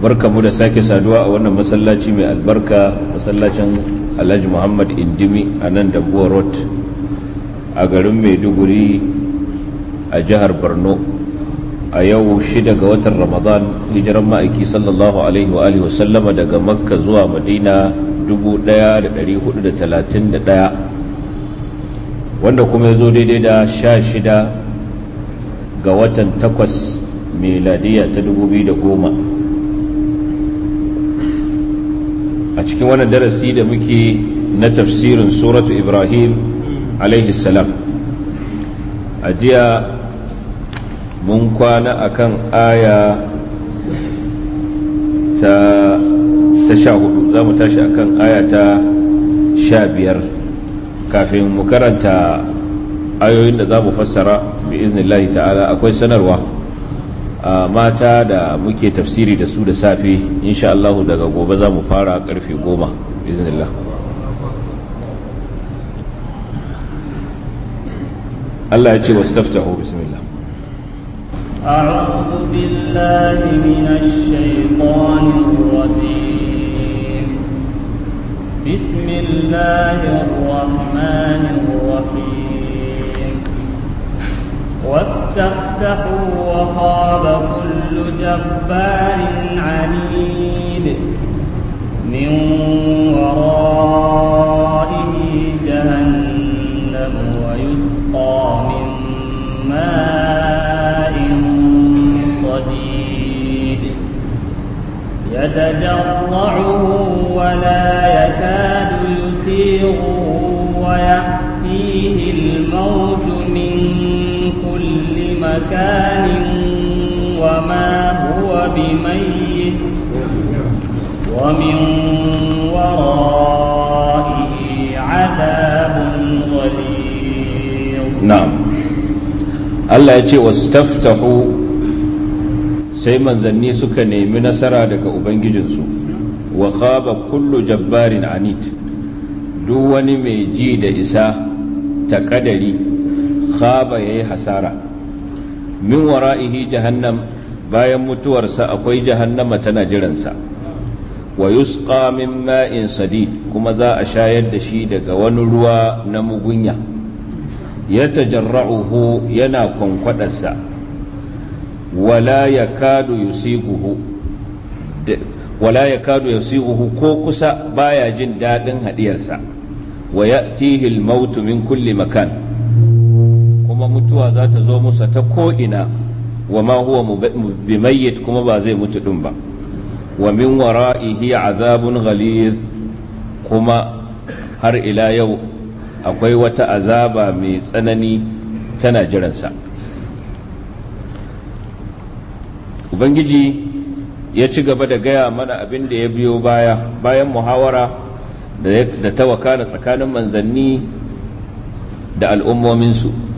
barkamu da sake saduwa a wannan masallaci mai albarka masallacin alhaji muhammad indimi a nan da road a garin maiduguri a jihar borno a yau shida ga watan ramadan hijiran ma'aiki sallallahu alaihi wa alihi wasallama daga makka zuwa madina 1431 wanda kuma ya zo daidai da sha shida ga watan takwas meladiya ta 2010 a cikin wannan darasi da muke na tafsirin suratu ibrahim alaihi salam a jiya mun kwana kan aya ta ta sha hudu za mu tashi akan aya ta sha biyar kafin mu karanta ayoyin da za mu fassara bi iznillahi ta'ala akwai sanarwa mata da muke tafsiri da su da safe insha Allah daga gobe za mu fara karfe goma iznillah Allah ya ce wastaftahu bismillah أعوذ بالله من الشيطان الرجيم بسم الله الرحمن الرحيم واستفتحوا وخاب كل جبار عنيد من ورائه جهنم ويسقى من ماء صديد يتجرعه ولا يكاد يسيغه ويأتيه الموت من كل مكان وما هو بميت ومن ورائه عذاب غليظ نعم الله يجي واستفتحوا sai manzanni suka nemi nasara daga ubangijinsu wa khaba kullu jabbarin anid duk wani mai ji da isa ta kadari khaba yayi hasara min wara'ihi jahannam bayan mutuwarsa akwai jahannama tana jiransa wa yusqa min ma'in sadid kuma za a shayar da shi daga wani ruwa na mugunya ya tajarra'uhu yana kwankwadarsa wala kadu yusiguhu wala kadu yusiguhu ko kusa baya jin dadin hadiyarsa wa ya tihil mautu min kulli makan kuma mutuwa za ta zo musa ta ko'ina wa ma huwa bimayyit kuma ba zai mutu ɗin ba wa min wara'ihi azabun ghaliz kuma har ila yau akwai wata azaba mai tsanani tana jiransa ubangiji ya ci gaba da gaya mana abin da ya biyo baya bayan muhawara da ta wakana tsakanin manzanni da al'ummominsu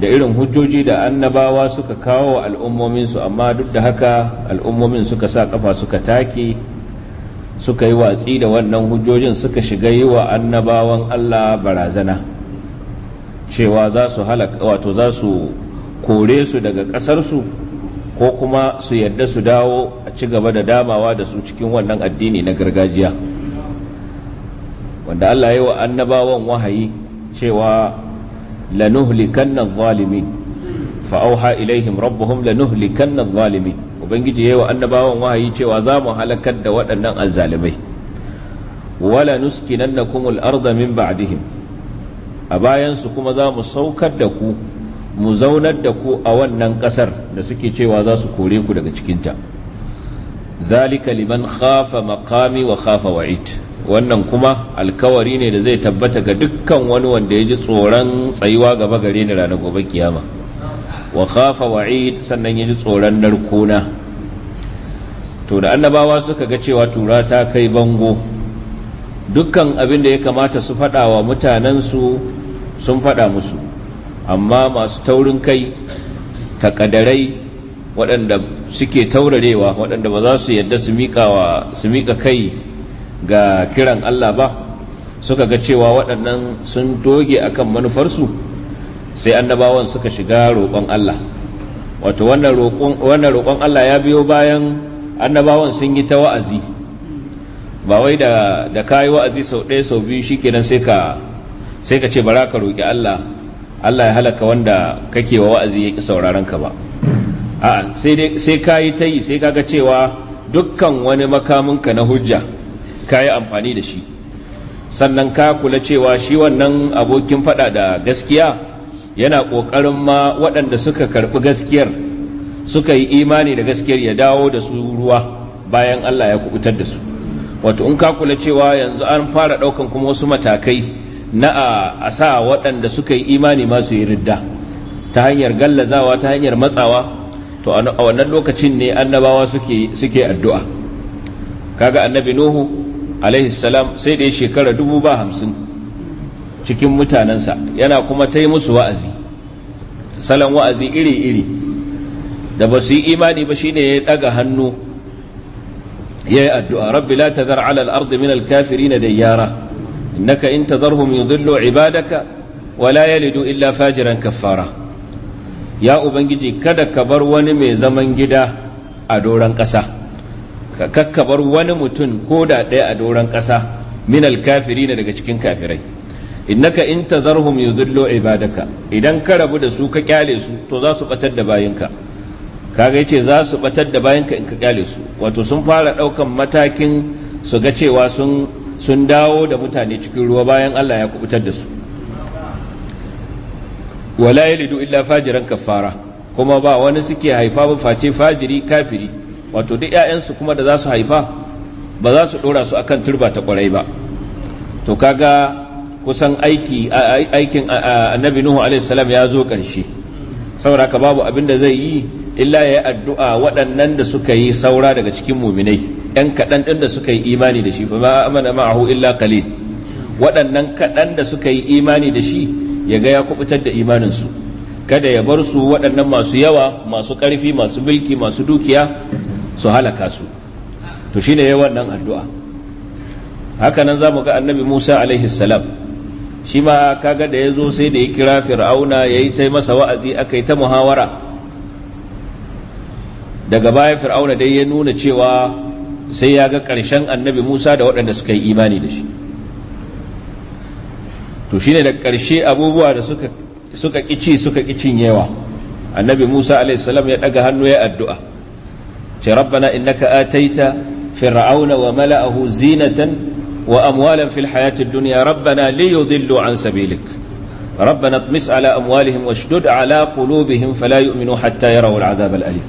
da irin hujjoji da annabawa suka kawo wa al'ummominsu amma duk da haka al'ummomin suka sa kafa suka take suka yi watsi da wannan hujjojin suka shiga yi wa annabawan Allah barazana cewa za su halaka wato za su kore su daga ƙasarsu ko kuma su yadda su dawo a ci gaba da damawa da su cikin wannan addini na gargajiya wanda Allah yi wa annabawan wahayi cewa lanuhlikanna adh-dhalimin fa auha ilaihim rabbuhum lanuhlikanna adh-dhalimin ubangiji yayi wa annabawan wahayi cewa za mu halakar da waɗannan azzalimai wala nuskinannakum al-arda min ba'dihim a bayansu kuma za mu saukar da ku mu zaunar da ku a wannan ƙasar da suke cewa za su kore ku daga cikinta zalika liman kafa makami wa khafa wa'id wannan kuma alkawari ne da zai tabbata ga dukkan wani wanda ya ji tsoron tsayuwa gaba gare ni ranar gobe kiyama wa khafa wa'id sannan ya ji tsoron narkona to da annabawa suka ga cewa tura ta kai bango dukkan abin da ya kamata su faɗa wa mutanensu sun faɗa musu amma masu taurin kai takadarai waɗanda suke taurarewa waɗanda ba za su yadda su miƙa kai ga kiran Allah ba suka ga cewa waɗannan sun doge akan manufarsu sai annabawan suka shiga roƙon Allah wato wannan roƙon Allah ya biyo bayan annabawan sun yi ta wa'azi ba wai da ka yi wa'azi sau ɗaya sau biyu shi sai ka sai ka ce bara ka roƙi Allah Allah ya halaka wanda kake wa wa'azi ya ƙi sauraron ka ba a'a sai ka yi ta yi sai kaga cewa dukkan wani makaminka na hujja ka yi amfani da shi sannan ka kula cewa shi wannan abokin faɗa da gaskiya yana ƙoƙarin ma waɗanda suka karɓi gaskiyar suka yi imani da gaskiyar ya dawo da su ruwa bayan Allah ya kubutar da su wato in ka kula cewa yanzu an fara ɗaukan kuma wasu matakai na a sa waɗanda suka yi imani masu yi ridda ta hanyar gallazawa ta hanyar matsawa to a wannan lokacin ne annabawa suke addu'a kaga annabi nuhu alaihi salam sai da ya shekara dubu ba hamsin cikin mutanensa yana kuma ta yi musu wa'azi salon wa'azi iri-iri da ba su yi imani ba shine ya daga hannu ya yi addu'a rabbi la ta zar alal ardi min kafiri na da yara innaka in ta yudhillu ibadaka wala yalidu illa fajiran kaffara ya ubangiji kada ka bar wani mai zaman gida a doron ƙasa ka kakkabar wani mutum ko da ɗaya a doron ƙasa min alkafiri ne daga cikin kafirai innaka in tazarhum yudhillu ibadaka idan ka rabu da su ka kyale su to za su batar da bayinka kaga yace za su batar da bayinka in ka kyale su wato sun fara daukan matakin su ga cewa sun sun dawo da mutane cikin ruwa bayan Allah ya kubutar da su wala yalidu illa fajiran kafara kuma ba wani suke haifa ba face fajiri kafiri wato duk su kuma da za su haifa ba za su ɗora su akan turba ta ƙwarai ba to kaga kusan aiki aikin annabi nuhu salam ya zo ƙarshe saboda ka babu abin da zai yi illa ya addu'a waɗannan da suka yi saura daga cikin muminai ‘yan kaɗan ɗin da suka yi imani da shi fa ma amana ma'ahu illa qalil waɗannan kaɗan da suka yi imani da shi ya ga ya kubutar da imanin su kada ya bar su waɗannan masu yawa masu ƙarfi masu mulki masu dukiya su halaka su to shine yayi wannan addu'a haka nan zamu ga annabi Musa alaihi salam shi ma kaga da ya zo sai da ya kira fir'auna yayi ta masa wa'azi aka ta muhawara daga baya fir'auna dai ya nuna cewa sai ya ga ƙarshen annabi musa da waɗanda suka yi imani da shi to shine da ƙarshe abubuwa da suka ƙici suka ƙicin yawa annabi musa salam ya ɗaga hannu ya addu'a ce rabbana innaka ataita fir'auna wa mala'ahu zinatan wa amwalan fil hayati dunya rabbana liyudillu an sabilik ala اطمس على أموالهم واشدد على قلوبهم hatta يؤمنوا حتى يروا العذاب الأليم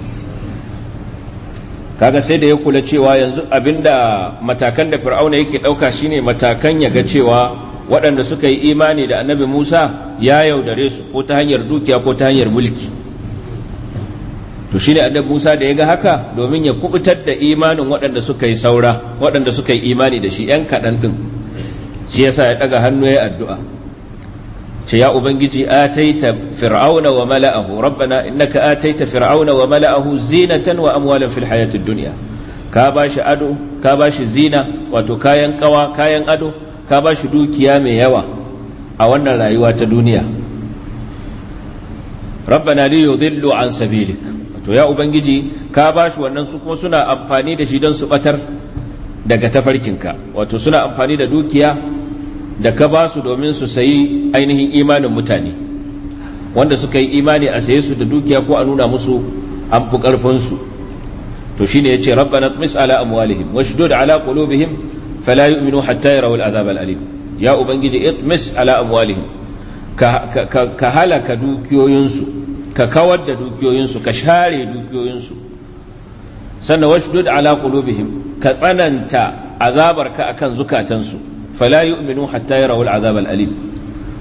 kaga sai da ya kula cewa yanzu abinda matakan da fir'auna yake ɗauka shine matakan ya ga cewa waɗanda suka yi imani da annabi musa ya yaudare su ko ta hanyar dukiya ko ta hanyar mulki to ne annabi Musa da ya ga haka domin ya kubutar da imanin waɗanda suka yi saura waɗanda suka yi imani da shi ‘yan kaɗan ɗin shi yasa ya ɗaga hannu ya addu'a ce ya ubangiji ataita fir'auna wa mala'ahu rabbana innaka ataita fir'auna wa mala'ahu zinatan wa amwalan fil hayatid duniya ka shi ado ka shi zina wato kayan kawa kayan ado ka shi dukiya mai yawa a wannan rayuwa ta duniya rabbana li yudhillu an to ya ubangiji ka ba shi wannan su kuma suna amfani da shi don su batar daga tafarkinka wato suna amfani da dukiya da ka ba su domin su sayi ainihin imanin mutane wanda suka yi imani a saye su da dukiya ko a nuna musu an fi ƙarfinsu to shine yace rabbana tmis ala amwalihim washdud ala qulubihim fala yu'minu hatta yarawu al'azab al'alim ya ubangiji itmis ala amwalihim ka halaka dukiyoyinsu ka kawar da dukiyoyinsu ka share dukiyoyinsu sannan washdud ala qulubihim ka tsananta azabarka akan zukatansu fala yu'minu hatta yarawul azab alim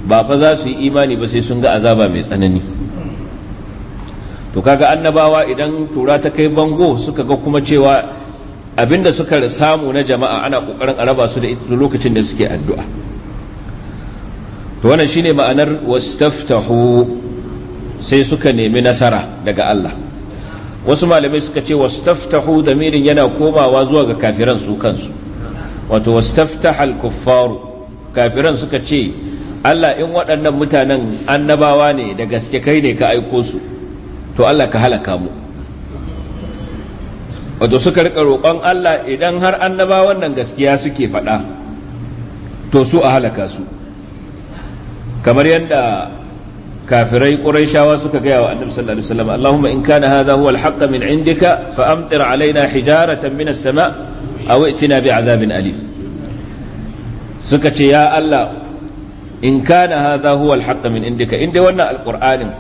ba fa za su yi imani ba sai sun ga azaba mai tsanani to kaga annabawa idan tura ta kai bango suka ga kuma cewa abinda suka samu na jama'a ana kokarin a raba su da ita lokacin da suke addu'a to wannan shine ma'anar wastaftahu sai suka nemi nasara daga Allah wasu malamai suka ce wasu wastaftahu damirin yana komawa zuwa ga kafiran su kansu wato wastaftaha al-kuffaru kafiran suka ce Allah in waɗannan mutanen annabawa ne da gaske kai ne ka aiko su to Allah ka halaka mu wato suka rika roƙon Allah idan har annabawan nan gaskiya suke faɗa to su a halaka su kamar yadda kafirai qurayshawa suka gaya wa annabi sallallahu alaihi wasallam in kana hadha huwa alhaqqa min indika fa alaina hijaratan min as-sama' aw itina bi'adhabin alim suka ce ya allah in kana hadha huwa alhaqqa min indika inda wannan alqur'anin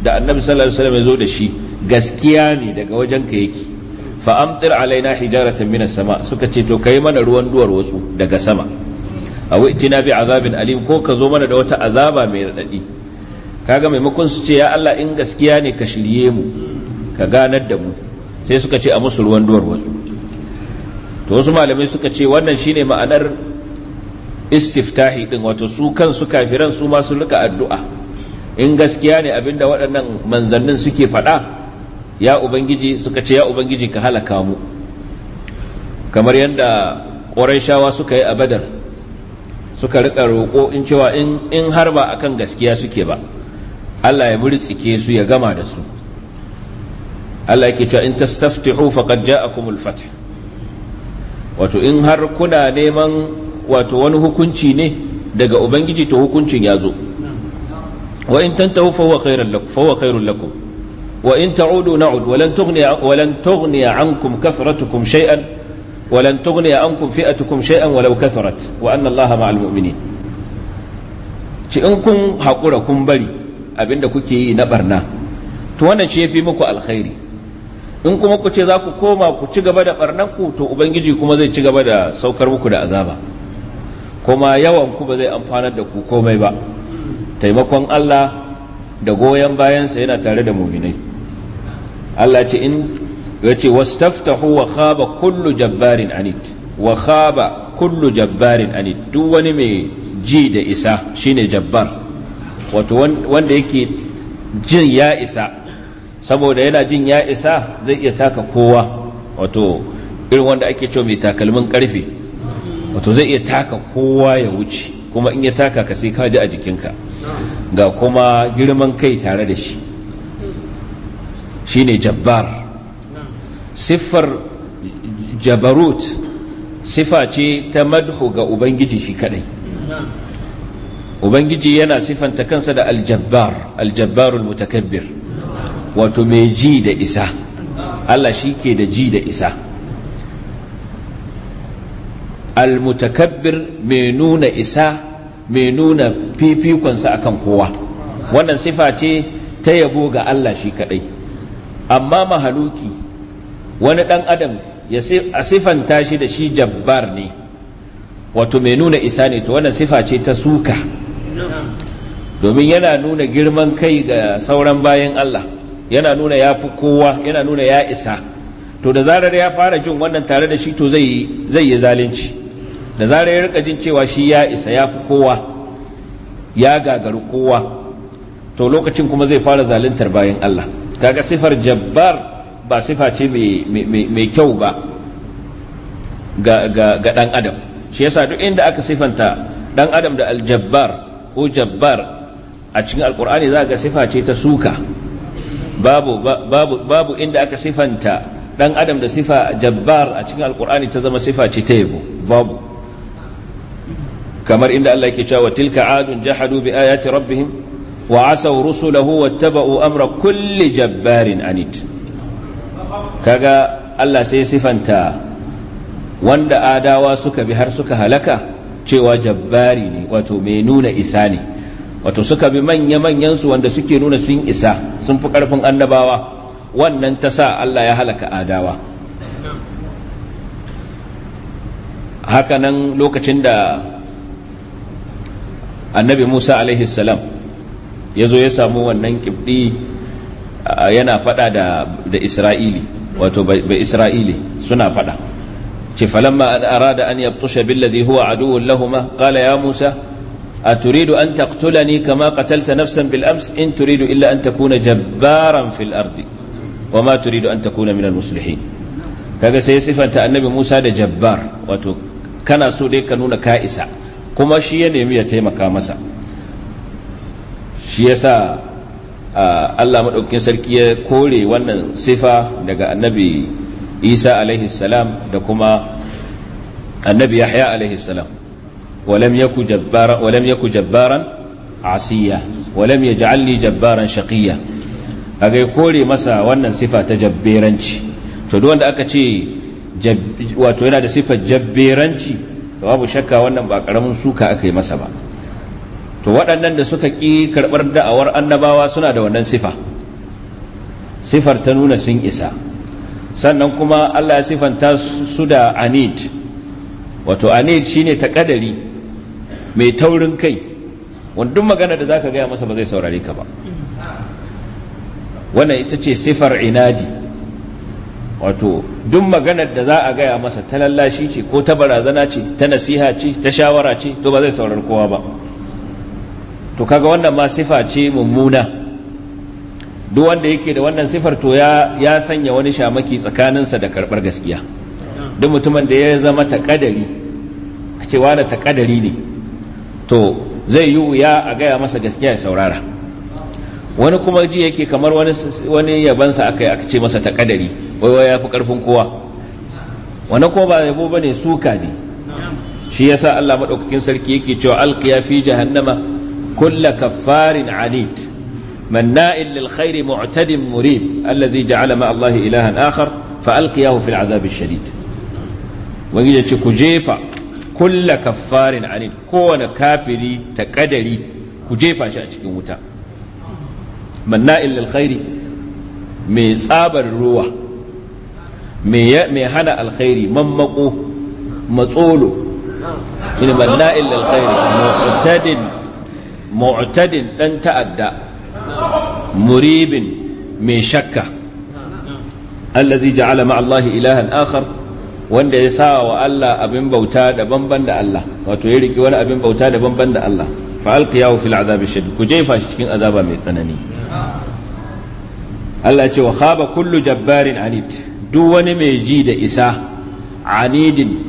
da annabi sallallahu alaihi ya zo da shi gaskiya ne daga wajenka yake fa amtir alaina hijaratan min sama suka ce to kai mana ruwan duwar wasu daga sama aw azabin alim ko ka zo mana da wata azaba mai radadi kaga maimakon su ce ya Allah in gaskiya ne ka shirye mu ka ganar da mu sai suka ce a musu ruwan duwar wasu to wasu malamai suka ce wannan shine ma'anar istiftahi din wato su su kafiran su ma su rika addu'a in gaskiya ne abinda waɗannan manzannin suke faɗa ya ubangiji suka ce ya ubangiji ka halaka mu kamar yadda shawa suka yi a badar suka rika roƙo in cewa in har ba akan gaskiya suke ba Allah ya murtsike su ya gama da su Allah yake cewa in tastaftihu faqad ja'akumul fath wato in har kuna neman wato wani hukunci ne daga ubangiji to hukuncin ya zo wa in tantahu fa huwa khairul lakum fa huwa khairul lakum wa in ta'udu na'ud wa lan tughni wa lan tughni ankum kathratukum shay'an wa lan tughni ankum fi'atukum shay'an walau katharat wa anna Allaha ma'al mu'minin ci in kun haƙura kun bari abinda kuke yi na barna to wannan shi yafi muku alkhairi in kuma ku ce za ku koma ku ci gaba da barnan ku to ubangiji kuma zai ci gaba da saukar muku da azaba kuma yawan ku ba zai amfanar da ku komai ba taimakon Allah da goyon bayansa yana tare da muminai Allah ce in ya ce wastaftahu wa khaba kullu jabbarin anid wa khaba kullu jabbarin anid duk wani mai ji da isa shine jabbar wato wanda yake jin ya isa saboda yana jin ya isa zai iya taka kowa wato irin wanda ake cewa mai takalmin karfe wato zai iya taka kowa ya wuce kuma in ya taka ka sai ka ji a jikinka ga kuma girman kai tare da shi shine jabbar Sifar jabarut sifa ce ta madhu ga ubangiji shi kadai ubangiji yana sifanta kansa da aljabbar aljabbarul mutakabbir wato mai ji da isa Allah shi ke da ji da isa almutakabbir mai nuna isa mai nuna fifikonsa akan kowa wannan sifa ce ta yabo ga Allah shi kadai amma mahaluki wani ɗan adam ya sifanta shi da shi jabbar ne wato mai nuna isa ne to wannan sifa ce ta suka domin yana nuna girman kai ga sauran bayan Allah yana nuna ya fi kowa yana nuna ya isa to da zarar ya fara jin wannan tare da shi to zai yi zalunci da zarar ya rika jin cewa shi ya isa ya fi kowa ya gagaru kowa to lokacin kuma zai fara zaluntar bayan Allah kaga sifar jabbar ba sifa ce mai kyau ba ga ɗan adam shi yasa duk inda aka sifanta ɗan adam da aljabbar ko jabbar a cikin alkur'ani za ga sifa ce ta suka babu babu babu inda aka sifanta dan adam da sifa jabbar a cikin alkur'ani ta zama sifa ce ta yabo babu kamar inda Allah yake cewa tilka adun jahadu bi ayati rabbihim wa asaw rusulahu wattaba'u amra kulli jabbarin anid kaga Allah sai sifanta wanda adawa suka bi har suka halaka cewa jabbari ne wato mai nuna isa ne wato suka bi manya-manyan su wanda suke nuna sun isa sun fi karfin annabawa wannan ta sa Allah ya halaka adawa Haka nan lokacin da annabi Musa alaihi salam ya zo ya samu wannan kibdi yana fada da Isra'ili wato bai Isra'ili suna fada ce falamma an arada an yabtusha billadhi huwa aduwwun lahumma qala ya musa أتريد أن nafsan كما قتلت نفسا بالأمس إن تريد إلا أن تكون جبارا في الأرض turidu an أن تكون من المصلحين kaga sai sifan annabi Musa da Jabbar wato kana so dai ka nuna ka isa kuma shi ya nemi ya taimaka masa shi yasa Allah madaukakin sarki ya kore wannan sifa daga annabi isa alaihi salam da kuma annabi yahya alaihi salam walam yaku jabbaran walam yaku jabbaran asiya walam yaj'alni jabbaran shaqiya kaga kore masa wannan sifa ta jabberanci to duk wanda aka ce wato yana da sifar jabberanci to babu shakka wannan ba karamin suka aka yi masa ba to waɗannan da suka ƙi karɓar da'awar annabawa suna da wannan sifa sifar ta nuna sun isa sannan kuma Allah ya sifanta su da anid wato anid shine kadari mai taurin kai wanda magana da zaka gaya masa ba zai saurare ka ba wannan ita ce sifar inadi wato duk maganar da za a gaya masa ta lallashi ce ko ta barazana ce ta nasiha ce ta shawara ce to ba zai saurar kowa ba to kaga wannan ma sifa ce mummuna duk wanda yake da wannan sifar to ya ya sanya wani shamaki tsakaninsa da karbar gaskiya duk mutumin da ya zama takadari a cewa da takadari ne to zai yi wuya a gaya masa gaskiya ya saurara wani kuma ji yake kamar wani wani yabansa aka aka ce masa takadari wai wai fi karfin kowa wani kuma ba yabo ba ne suka ne shi ya sa Allah maɗaukakin sarki yake cewa alqiya fi jahannama kulla kaffarin anit. مناء للخير معتد مريب الذي جعل مع الله إلها آخر فألقياه في العذاب الشديد وجدت كجيفة كل كفار عن كون كافري تقدري كجيفة شأتك متى مناء للخير من صابر الروح mai hana alkhairi mammako matsolo shine manna illa alkhairi mu'tadin mu'tadin dan ta'adda muribin mai shakka allazi ja'ala ma Allah ilahan akhar wanda ya sa wa Allah abin bauta daban ban Allah wato ya riki wani abin bauta daban ban Allah fa alqiyahu fil azabi shadid ku jefa shi cikin azaba mai tsanani Allah ce wa khaba kullu jabbarin anid duk wani mai ji da isa anidin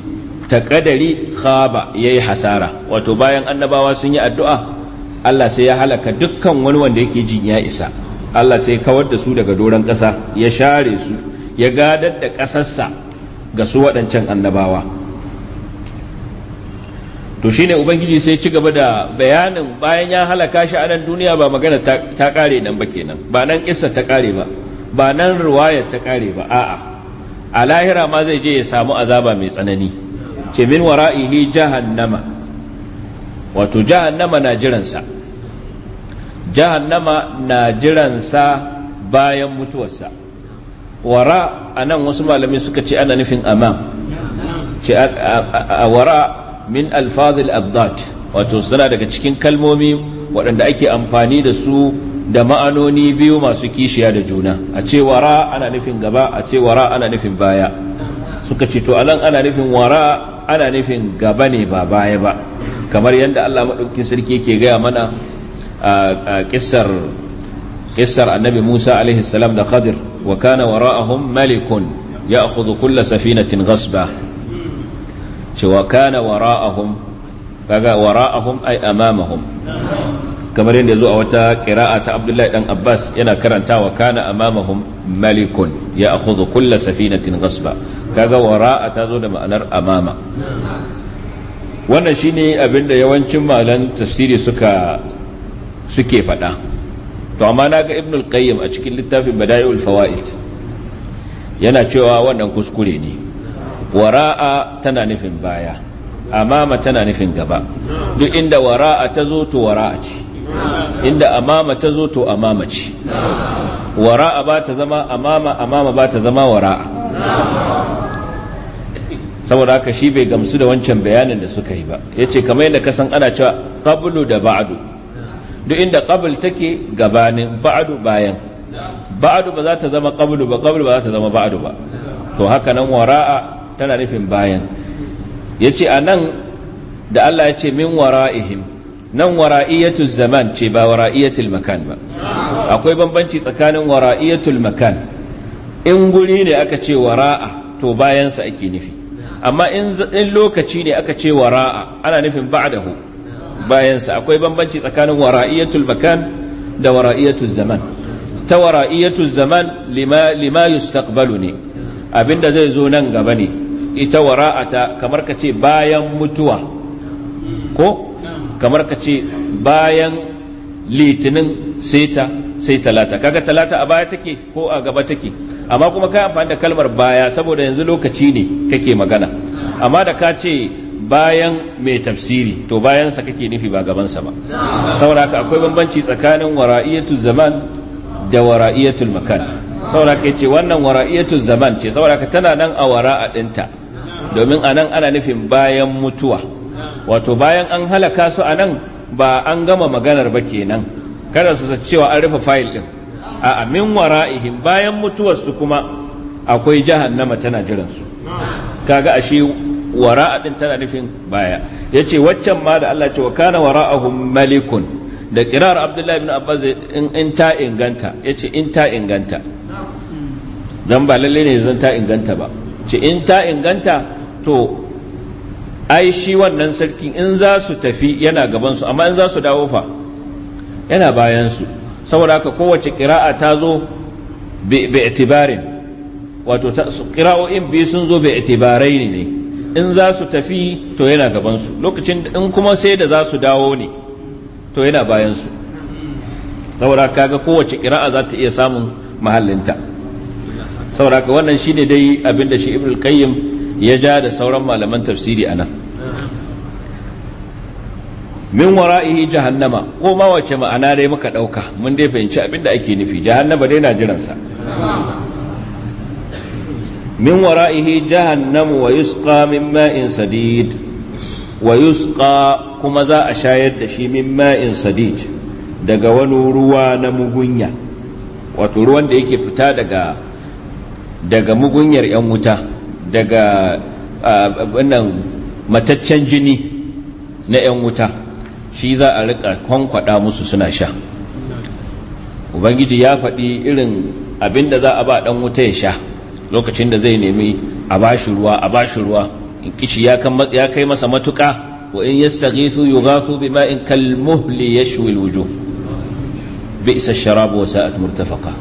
takadari khaba yayi hasara wato bayan annabawa sun yi addu'a Allah sai ya halaka dukkan wani wanda yake jin ya isa Allah sai kawar da su daga doron ƙasa ya share su ya gadar da ƙasarsa ga su waɗancan annabawa to shine ubangiji sai ci gaba da bayanin bayan ya halaka shi a duniya ba magana ta ƙare nan ba kenan ba nan ƙissa ta ƙare ba ba nan ruwayar ta ƙare ba a'a a lahira ma zai je ya samu azaba mai tsanani ce min wara'ihi jahannama wato jahannama na jiransa jahannama na jiransa bayan mutuwarsa wara a nan wasu malami suka ce ana nufin amam a wara min alfazil abdat wato suna daga cikin kalmomi waɗanda ake amfani da su da ma'anoni biyu masu kishiya da juna a ce wara ana nufin gaba a ce wara ana nufin baya suka ce to nan ana nufin wara ana nufin gaba ne ba baya ba kamar yadda Allah maɗauki sarki ke gaya mana a ƙissar annabi Musa alaihi salam da Khadir wa kana wara'ahum malikun ya akhudhu kulla safinatin ghasba cewa kana wara'ahum kaga wara'ahum ay amamahum kamar yadda zo a wata ƙira'a ta Abdullahi dan Abbas yana karanta karantawa kana amamahum malikun ya akhudhu kulla safinatin ghasba kaga wara'a ta zo da ma'anar amama wannan shine abinda yawancin malan tafsiri suka suke faɗa to amma na ga ibn al-qayyim a cikin littafin bada'iul fawaid yana cewa wannan kuskure ne wara'a tana nufin baya amama tana nufin gaba duk inda wara'a ta zo to wara'a ce inda amama ta zo to amama ce wara'a ba ta zama amama amama ba ta zama wara'a saboda haka shi bai gamsu da wancan bayanin da suka yi ba ya ce kamar yadda kasan ana cewa qablu da ba'adu duk inda qabl take gabanin ba'adu bayan ba'adu ba za ta zama qablu ba qablu ba za ta zama ba'adu ba to haka nan wara'a tana nufin bayan ya ce a nan da Allah ya ce min wara'ihim nan wara'iyatul zaman ce ba wara'iyatul makan ba akwai bambanci tsakanin wara'iyatul makan in guri ne aka ce wara'a to bayansa ake nufi amma in lokaci ne aka ce wara'a ana nufin ba'dahu bayansa akwai bambanci tsakanin wara'iyatul makan da wara'iyatul zaman ta wara'iyatul zaman lima lima yustaqbalu ne abinda zai zo nan gaba ne ita wara'a ta kamar ka ce bayan mutuwa ko kamar ka ce bayan litinin seta sai talata kaga talata a baya take ko a gaba take amma kuma ka amfani da kalmar baya saboda yanzu lokaci ne kake magana amma da ka ce bayan mai tafsiri to bayansa kake nufi ba gabansa ba saboda haka akwai bambanci tsakanin wara'iyatul zaman da wara'iyatul makan saboda haka yace wannan wara'iyatul zaman ce saboda haka tana nan a wara'a dinta domin anan ana nufin bayan mutuwa wato bayan an halaka su anan ba an gama maganar ba kenan kada su cewa an rufe fayil din a min wara'ihim bayan mutuwarsu kuma akwai jahannama tana jiransu kaga ashe wara'a din tana nufin baya yace waccan ma da Allah ce wa kana wara'ahum malikun da kirar Abdullahi ibn Abbas in ta inganta yace in ta inganta dan ba lalle ne zan ta inganta ba ce in ta inganta to ai shi wannan sarkin in za su tafi yana gaban su amma in za su dawo fa yana bayansu saboda haka kowace ƙira'a ta zo itibarin, wato ƙira'o'in biyu sun zo itibarai ne in za su tafi to yana gabansu lokacin in kuma sai da za su dawo ne to yana bayansu saboda kaga kowace ƙira'a za ta iya samun mahallinta saboda haka wannan shine dai abin da shi ibn qayyim ya ja da sauran malaman tafsiri anan min wara'ihi jahannama ko ma wace ma'ana dai muka dauka mun dai fahimci abin da ake nufi jahannama dai na jiran sa min wara'ihi jahannamu wa yusqa min ma'in sadid wa yusqa kuma za a shayar da shi min ma'in sadid daga wani ruwa na mugunya wato ruwan da yake fita daga daga mugunyar yan wuta daga wannan mataccen jini na yan wuta shi za a rika kwankwada musu suna sha ubangiji ya faɗi irin abin da za a ba ɗan wuta ya sha lokacin da zai nemi a bashi ruwa a bashi ruwa in kishi ya kai masa matuka wa in yastaghithu yughathu bima'in kalmuhli yashwi alwujuh bi'sa sharabu wa sa'at murtafaqa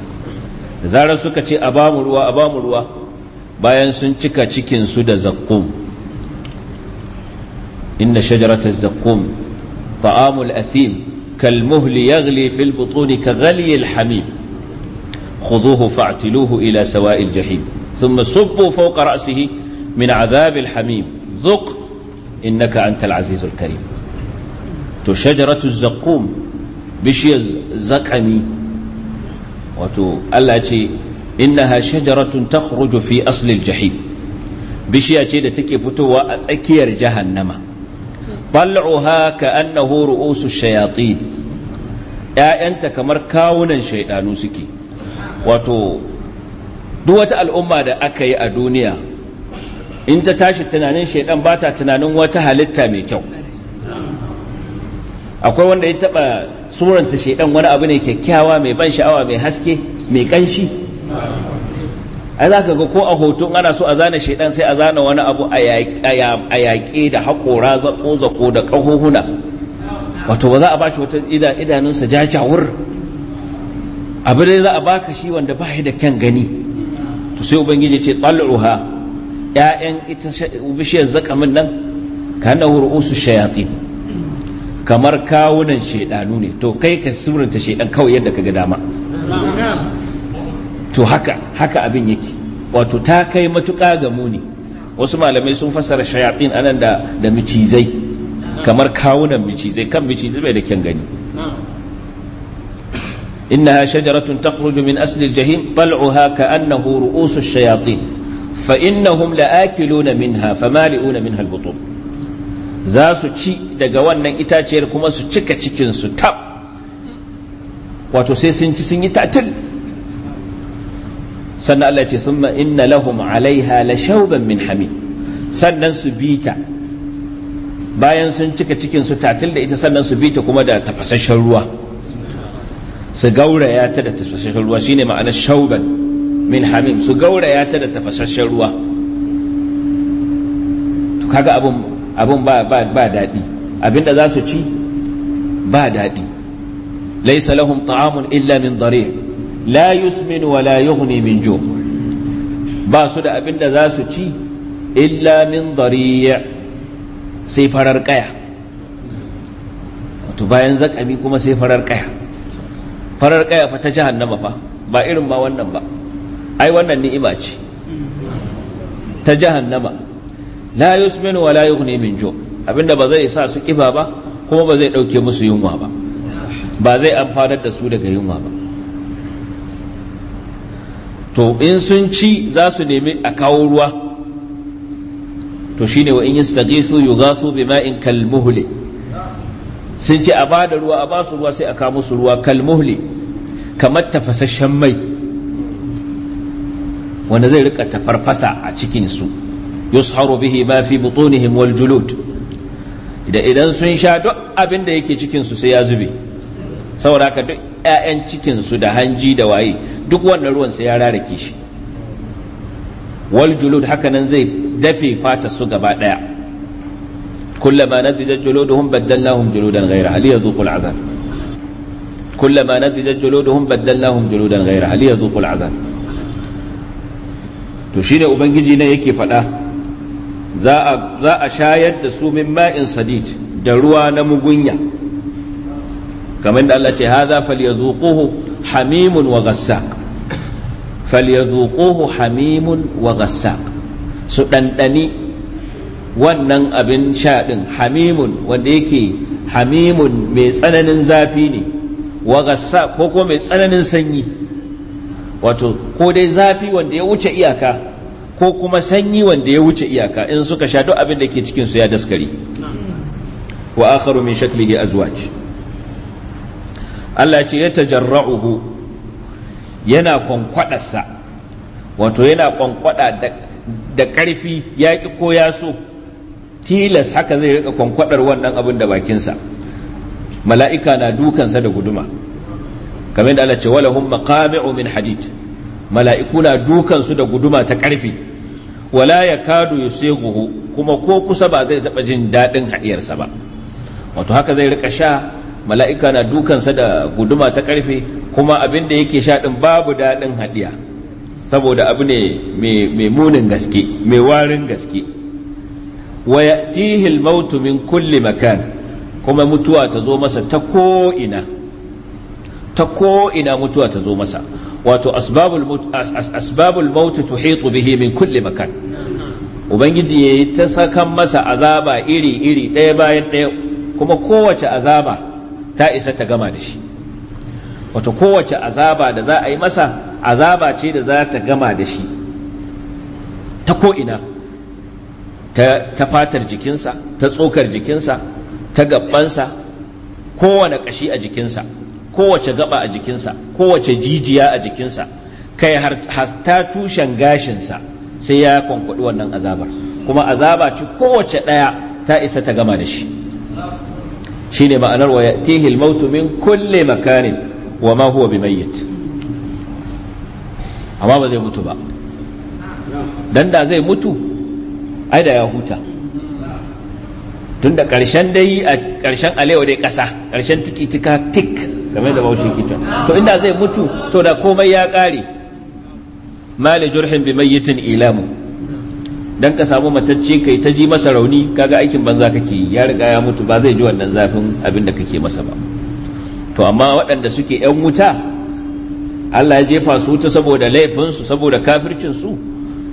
da zarar suka ce a bamu ruwa a bamu ruwa bayan sun cika cikin su da zakkum inna shajarata zakkum طعام الأثيم كالمهل يغلي في البطون كغلي الحميم خذوه فاعتلوه إلى سواء الجحيم ثم صبوا فوق رأسه من عذاب الحميم ذق إنك أنت العزيز الكريم تو شجرة الزقوم بشي زقمي وتو ألا إنها شجرة تخرج في أصل الجحيم بشي أتي تكي take fitowa جهنم ka كأنه رؤوس الشياطين ‘ya'yanta kamar kawunan shaidanu suke wato duk wata al'umma da aka yi a duniya in ta tashi tunanin shaidan ba ta tunanin wata halitta mai kyau akwai wanda ya taɓa suranta shaidan wani abu ne kyakkyawa mai ban sha'awa mai haske mai ƙanshi ai zaka ga ko a hoton ana so a zana shaidan sai a zana wani abu a yaƙe da haƙora zaƙo ko da ƙahohuna wato ba za a ba shi wata idanunsa jajawur abu dai za a baka shi wanda ba da kyan gani to sai ubangiji ce tsalluha ‘ya'yan ita bishiyar zakamin nan ka na ru'usu shayatsi kamar kawunan shaidanu ne to kai ka surunta shaidan kawai yadda ka ga dama to haka haka abin yake wato ta kai matuƙa ga muni wasu malamai sun fassara shayatin anan da da micizai kamar kawunan micizai kan micizai bai da kyan gani إنها شجرة تخرج من أصل الجحيم طلعها ru'usu رؤوس fa فإنهم لآكلون منها na minha البطون za su ci daga wannan itaciyar kuma su cika cikinsu tab wato sai sun ci sun yi tatil sannan Allah ce summa inna lahum alaiha la shauban min hamid sannan su bita bayan sun cika cikin su tatil da ita sannan su bita kuma da tafasasshen ruwa su gauraya ta da tafasasshen ruwa shine ma'ana shauban min hamim su gauraya ta da tafasasshen ruwa to kaga abun abun ba ba ba daɗi abinda za su ci ba daɗi laysa lahum ta'amun illa min dari' la yusmin wa la yughni min ju ba su da abin da za su ci illa min dariya sai farar kaya wato bayan zakami kuma sai farar kaya farar kaya fa ta jahannama fa ba irin ba wannan ba ai wannan ni'ima ce ta jahannama la yusmin wa la yughni min ju abinda ba zai sa su kiba ba kuma ba zai dauke musu yunwa ba ba zai amfanar da su daga yunwa ba to in sun ci za su nemi a kawo ruwa to ne wa in yastaghisu yughasu in kalmuhli sun ci a ba da ruwa a ba su ruwa sai a kawo musu ruwa kalmuhli kamar tafasasshen mai wanda zai rika tafarfasa a cikinsu, yusharu bihi ma fi butunihim wal julud idan sun sha duk abin da yake cikinsu sai ya zube saboda haka duk 'ya'yan cikinsu da hanji da waye duk wannan ruwan sai ya rarake shi wal julud haka nan zai dafe fata su gaba daya kullama natijat juluduhum baddalnahum juludan ghayra hal yadhuqul azab kullama natijat juluduhum baddalnahum juludan ghayra hal yadhuqul azab to shine ubangiji ne yake fada za a za a shayar da su min ma'in sadid da ruwa na mugunya kamar da Allah ce hadha falyazuquhu hamimun wa ghassaq falyazuquhu hamimun wa ghassaq su dandani wannan abin sha din hamimun wanda yake hamimun mai tsananin zafi ne wa ghassaq ko ko mai tsananin sanyi wato ko dai zafi wanda ya wuce iyaka ko kuma sanyi wanda ya wuce iyaka in suka sha duk abin da ke cikin su ya daskare wa akharu min shaklihi azwaj Allah ce ya tajarra'uhu yana kwankwadarsa wato yana kwankwada da ƙarfi ya ƙi ko ya so tilas haka zai rika kwankwadar wannan abin da bakinsa mala'ika na dukansa da guduma kamar da Allah ce wala hum maqami'u min hadid mala'iku na dukansu da guduma ta ƙarfi wala ya kado yakadu guhu kuma ko kusa ba zai taɓa jin daɗin haɗiyarsa ba wato haka zai rika sha mala'ika na dukansa da guduma ta karfe kuma abin da yake sha babu daɗin haɗiya saboda abu ne mai munin gaske mai warin gaske wa ya'tihil mautu min kulli makan kuma mutuwa ta zo masa ta ko'ina ta ko'ina mutuwa ta zo masa wato asbabul mautu tuhitu bihi min kulli makan ubangiji ya ta sakan masa azaba iri iri ɗaya bayan ɗaya kuma kowace azaba ta isa ta gama da shi wato kowace azaba da za a yi masa azaba ce da za ta gama da shi ta ko'ina ta fatar jikinsa ta tsokar jikinsa ta gabansa kowane kashi a jikinsa kowace gaba a jikinsa kowace jijiya a jikinsa kai har ta tushen gashinsa sai ya kwankwaɗi wannan azabar kuma azaba ce kowace ɗaya ta isa ta gama da shi shine ma'anar wa ya'tihi al min kulli makanin wa ma huwa bimayyit amma ba zai mutu ba dan da zai mutu ai da ya huta tunda karshen dai a karshen alewa dai kasa karshen tiki tika tik game da baushin kita to inda zai mutu to da komai ya kare mali jurhin bimayyitin ilamu dan ka samu matacce kai ta ji masa rauni kaga aikin banza kake ya riga ya mutu ba zai ji wannan zafin abin da kake masa ba to amma waɗanda suke yan wuta Allah ya jefa su ta saboda laifin su saboda kafircin su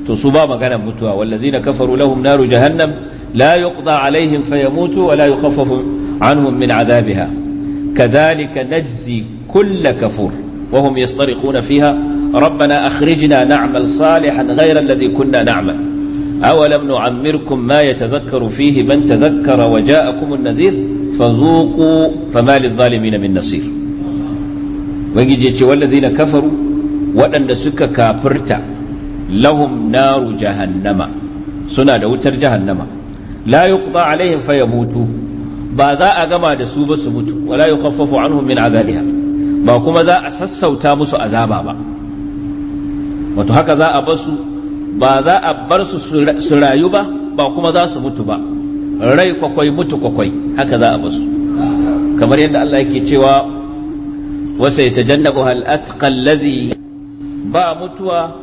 to su ba maganar mutuwa wallazina kafaru lahum naru jahannam la yuqda alaihim fayamutu wa la yukhaffafu anhum min azabiha kadhalika najzi kulla kafur wa hum yastarikuna fiha ربنا أخرجنا نعمل صالحا غير الذي كنا نعمل awalam nu'ammirkum ma yatadhakkaru fihi man tadhakkara wa ja'akum an-nadhir fadhuqu fama lidh-dhalimin min nasir ubangiji ce wallazina kafaru waɗanda suka kafirta lahum naru jahannama suna da wutar jahannama la yuqda alaihim fayamutu ba za a gama da su ba su mutu wala yukhaffafu anhum min azabiha ba kuma za a sassauta musu azaba ba wato haka za a basu ba za a bar su su rayu ba ba kuma za su mutu ba rai kwakwai mutu kwakwai haka za a basu kamar yadda Allah yake cewa wasa ya tajannabu hal ba mutuwa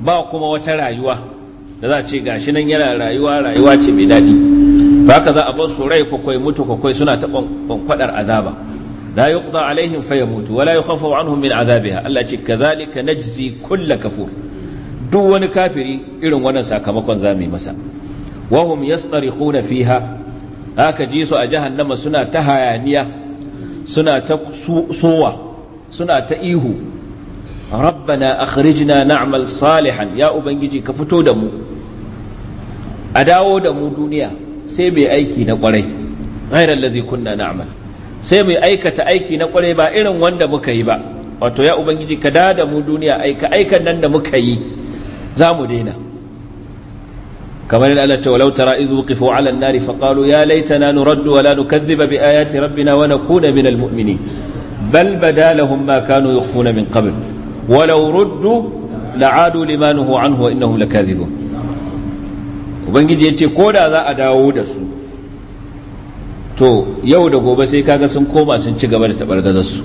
ba kuma wata rayuwa da za a ce gashi nan yana rayuwa rayuwa ce mai daɗi ba haka za a bar su rai kwakwai mutu kwakwai suna ta kwankwadar azaba لا يقضى عليهم فيموتوا ولا min عنهم من عذابها الله كذلك نجزي kulle kafu. duk wani kafiri irin wannan sakamakon za mu yi masa wahum yastarihuna fiha aka ji su a jahannama suna ta hayaniya suna ta sowa suna ta ihu rabbana akhrijna na'mal salihan ya ubangiji ka fito da mu a dawo da mu duniya sai mai aiki na kwarai ghairal ladzi kunna na'mal sai mai aikata aiki na kwarai ba irin wanda muka yi ba wato ya ubangiji ka da da mu duniya aika aikan nan da muka yi za mu daina kamar yadda Allah ta walau tara izu wuqifu ala an-nari fa qalu ya laitana nuraddu wa la nukadhdhiba bi ayati rabbina wa nakuna min al-mu'minin bal bada ma kanu yukhfuna min qabl walau ruddu la'adu lima anhu innahum lakazibun ubangiji yace ko da za a dawo da su to yau da gobe sai kaga sun koma sun ci gaba da tabargazar su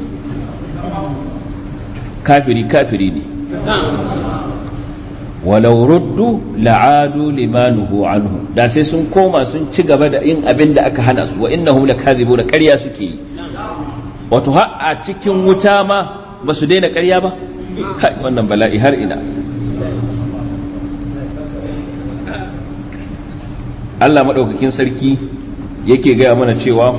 kafiri kafiri ne walau ruddu la'adu limanuhu anhu da sai sun koma sun ci gaba da yin abin da aka hana su wa innahum lakazibuna karya suke yi wato har a cikin wuta ma ba su daina ƙarya ba wannan bala'i har ina Allah maɗaukakin sarki yake gaya mana cewa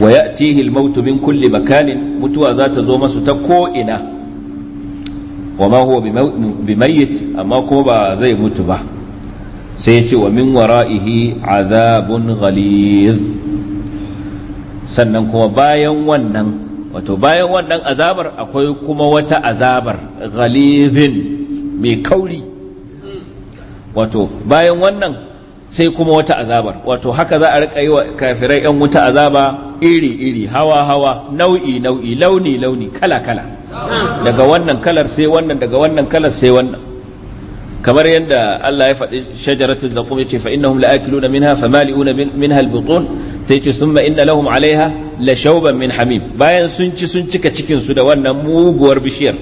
wa ya'tihi al-mautu min kulli makanin mutuwa za ta zo masu ta ko ina wa ma huwa bimayyit amma kuma ba zai mutu ba sai ya ce wa min wara'ihi azabun ghaliz sannan kuma bayan wannan wato bayan wannan azabar akwai kuma wata azabar ghalizin mai kauri wato bayan wannan sai kuma wata azabar wato haka za a rika yi wa kafirai 'yan wuta azaba iri-iri hawa-hawa nau'i-nau'i launi-launi kala-kala daga wannan kalar sai wannan daga wannan kalar sai wannan kamar yadda Allah ya faɗi shajaratul zaqum yace fa innahum la'akiluna minha famali'una minha al-butun sai yace thumma inna lahum 'alayha lashawban min hamim bayan sun ci sun cika cikin su da wannan muguwar bishiyar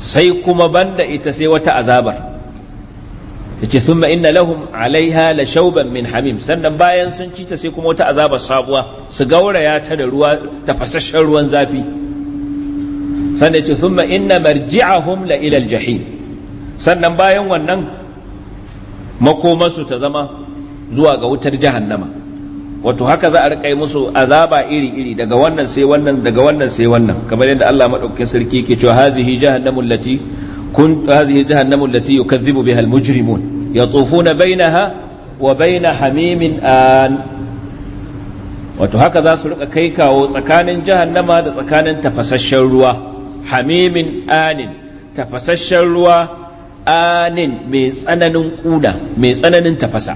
sai kuma banda ita sai wata azabar yace thumma inna lahum 'alayha lashawban min hamim sannan bayan sun ci ta sai kuma wata azabar sabuwa su gauraya ta da ruwa tafasasshen ruwan zafi sannan ce thumma inna marji'ahum la ilal jahim sannan bayan wannan makomansu ta zama zuwa ga wutar jahannama wato haka za a riƙa musu azaba iri-iri daga wannan sai wannan daga wannan sai wannan kamar yadda Allah madaukakin sarki ke cewa hadhihi jahannamu allati kun hadhihi jahannamu allati yukazzibu biha almujrimun yatufuna bainaha wa baina hamimin an wato haka za su riƙa kai kawo tsakanin jahannama da tsakanin tafasasshen ruwa hamimin anin tafasasshen ruwa anin mai tsananin ƙuna mai tsananin tafasa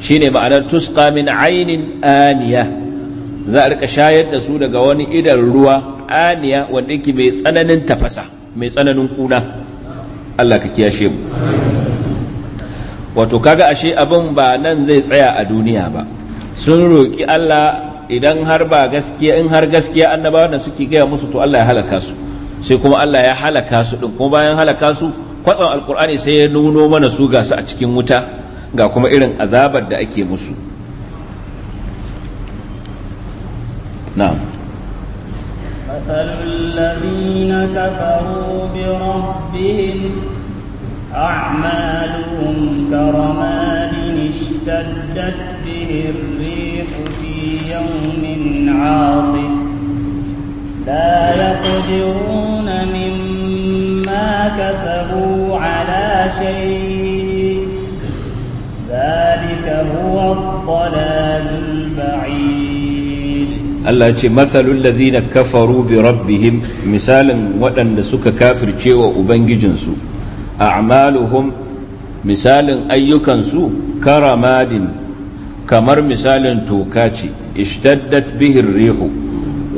shine ma'anar tuska min ainin aniya za a rika shayar da su daga wani idan ruwa aniya wanda yake mai tsananin tafasa mai tsananin kuna. Allah ka kiyashe mu wato kaga ashe abin ba nan zai tsaya a duniya ba sun roƙi Allah idan har ba gaskiya in har gaskiya annabawan da suke gaya musu to Allah ya halaka su sai kuma Allah ya halaka su din kuma bayan halaka su kwatsan alkur'ani sai ya nuno mana su ga su a cikin wuta ga kuma irin azabar da ake musu na'am مثل الذين كفروا بربهم أعمالهم كرماد اشتدت به الريح في يوم عاصف لا يقدرون مما كسبوا على شيء ذلك هو الضلال البعيد الله ce matsalul lazina kafaru bi rabbihim misalin waɗanda suka kafirce wa ubangijinsu a'maluhum misalin ayyukansu karamadin kamar misalin toka ce ishtaddat bihin rihu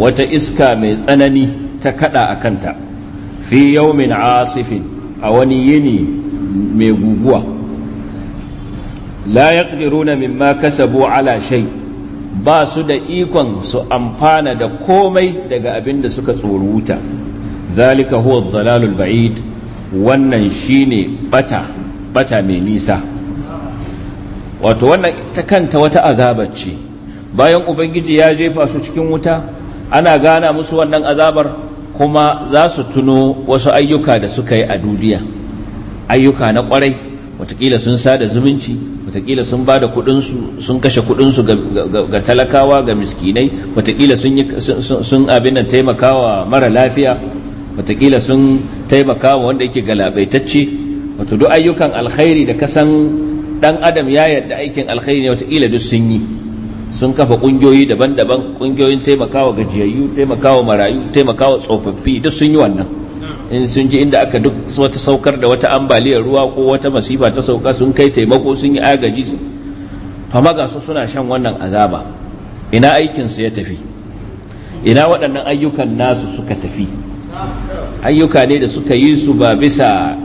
wata iska mai tsanani ta kada a kanta fi yaumin asifin a wani yini mai guguwa la yaqdiruna mimma kasabu ala shai, ba su da ikon su amfana da komai daga abin da suka tsoro wuta. zalika huwa dalalul ba'id wannan shine bata bata mai nisa wato wannan ta kanta wata azaba ce bayan ubangiji ya jefa su cikin wuta ana gana musu wannan azabar kuma za su tuno wasu ayyuka da suka yi a duniya ayyuka na kwarai watakila sun sada zumunci watakila sun ba da kudinsu sun kashe kudinsu ga talakawa ga miskinai watakila sun abin nan taimakawa mara lafiya watakila sun taimakawa wanda yake galabaitacce wato duk ayyukan alkhairi da kasan dan adam ya yadda aikin alkhairi ne watakila duk sun yi sun kafa ƙungiyoyi daban-daban ƙungiyoyin taimakawa gajiyayyu taimakawa marayu taimakawa tsofaffi duk sun yi wannan in sun ji inda aka duk wata saukar da wata ambaliyar ruwa ko wata masifa ta sauka sun kai taimako sun yi agaji su amma ga su suna shan wannan azaba ina aikinsu ya tafi ina waɗannan ayyukan nasu suka tafi ayyuka ne da suka yi su ba bisa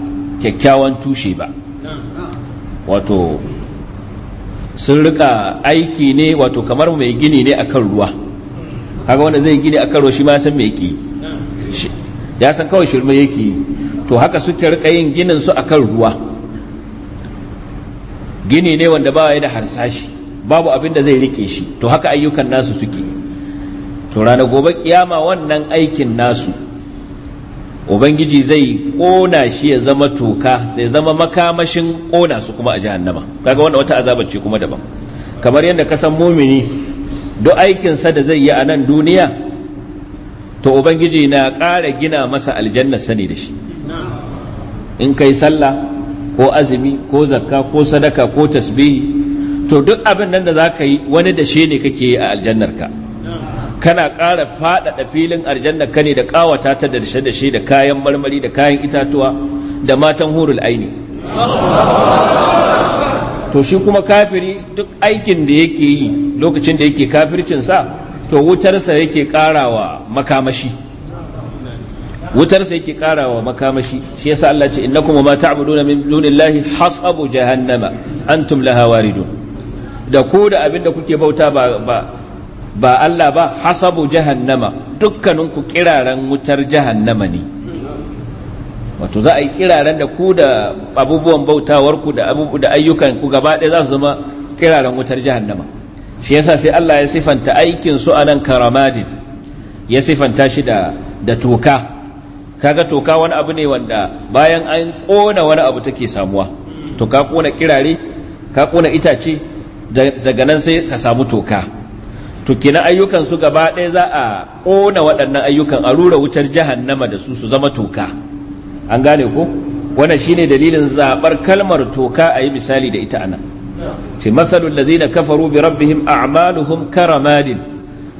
kyakkyawan tushe ba wato sun rika aiki ne wato kamar mai gini ne akan ruwa kaga wanda zai gini akan ruwa shi ma san mai ki ya san kawai shirme yake to haka suke rika yin ginin su akan ruwa gini ne wanda ba ya da harsashi babu abin da zai rike shi to haka ayyukan nasu suke to ranar gobe kiyama wannan aikin nasu ubangiji zai ƙona shi ya zama toka sai zama makamashin ƙona su kuma a jahannama kaga wannan wata azabar ce kuma daban kamar yadda ka san mumini duk aikinsa da zai yi a nan duniya to ubangiji na ƙara gina masa aljannar sani da shi in kai sallah ko azumi ko zakka ko sadaka ko tasbihi to duk abin nan da za ka yi wani da shi ne kake yi a aljannarka kana ƙara faɗaɗa filin aljanna ka ne da kawata ta da dashe-dashe da kayan marmari da kayan itatuwa da matan hurul aini to shi kuma kafiri duk aikin da yake yi lokacin da yake kafircinsa to wutarsa yake ƙarawa makamashi wutarsa yake ƙarawa makamashi shi yasa Allah ce innakum ma ta'buduna min dunillahi hasabu jahannama antum laha waridun da ku da abin da kuke bauta ba ba Allah ba hasabu jahannama dukkaninku kiraren wutar jahannama ne wato za a yi kiraren da ku da abubuwan bautawarku da ayyukan ku gaba ɗaya za su zama kiraren wutar jahannama shi yasa sai Allah ya sifanta aikin su anan karamadin ya sifanta shi da da toka kaga toka wani abu ne wanda bayan an kona wani abu take samuwa to ka kona kirare ka kona itace daga nan sai ka samu toka to kenan ayyukan su gaba ɗaya za a ƙona waɗannan ayyukan a rura wutar jahannama da su su zama toka an gane ko wannan shine dalilin zaɓar kalmar toka a yi misali da ita anan ce matsalul lazina kafaru bi rabbihim a'maluhum karamadin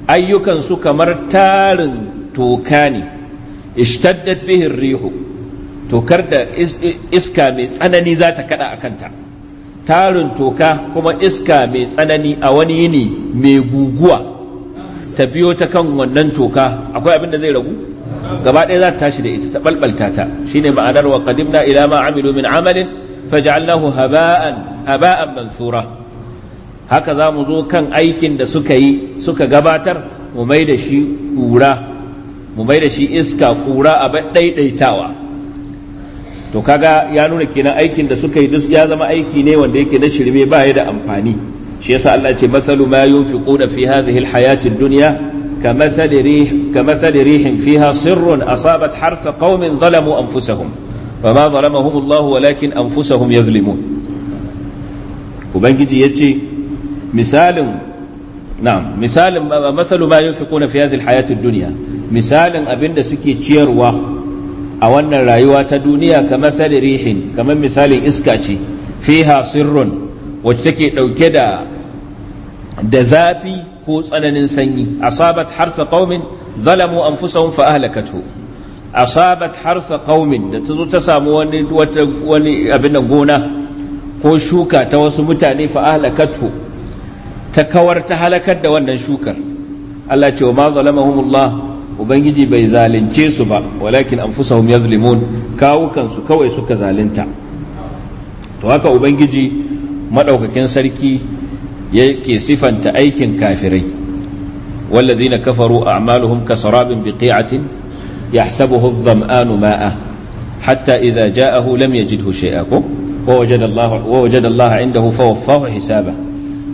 ayyukan su kamar tarin toka ne ishtaddat bihin rihu tokar da iska mai tsanani za ta kada a kanta tarin toka kuma iska mai tsanani a wani yini mai guguwa ta biyo ta kan wannan toka akwai abin da zai ragu gaba ɗaya za ta tashi da ita ta balbalta ta shine ma'anar wa qadimna ila ma amilu min amalin faj'alnahu haba'an haba'an mansura haka za mu zo kan aikin da suka yi suka gabatar mu mai da shi ƙura mu da shi iska ƙura a ɗaiɗaitawa to kaga ya nuna kenan aikin da suka yi duk ya zama aiki ne wanda yake na shirme ba ya da amfani shi yasa Allah ce masalu ma yunfiquna fi hadhihi alhayati ad-dunya kamathali rih kamathali rihin fiha sirrun asabat harsa qaumin zalamu anfusahum wama zalamahum Allah walakin anfusahum yadhlimun ubangiji yace misalin na'am misalin masalu ma yunfiquna fi hadhihi alhayati ad-dunya misalin abinda suke ciyarwa a wannan rayuwa ta duniya kamar rihin kamar misalin iska ce fiha sirrun wacce take ɗauke da da zafi ko tsananin sanyi asabat harsa qaumin zalamu anfusahum fa ahlakatu asabat harsa qaumin da tazo ta samu wani wata wani abin gona ko shuka ta wasu mutane fa ahlakatu ta kawar ta halakar da wannan shukar Allah ce wa ma zalamahumullah ubangiji bai zalunce su ba walakin an fusa hum yazlimun kawukansu kawai suka zalunta to haka ubangiji maɗaukakin sarki yake sifanta aikin kafirai wallazi na kafaru a amaluhun kasarabin biqi'atin ya sabuhu zam'anu ma'a hatta idza ja'ahu lam yajidhu shay'a ko wa wajada Allah wa wajada Allah indahu fa hisaba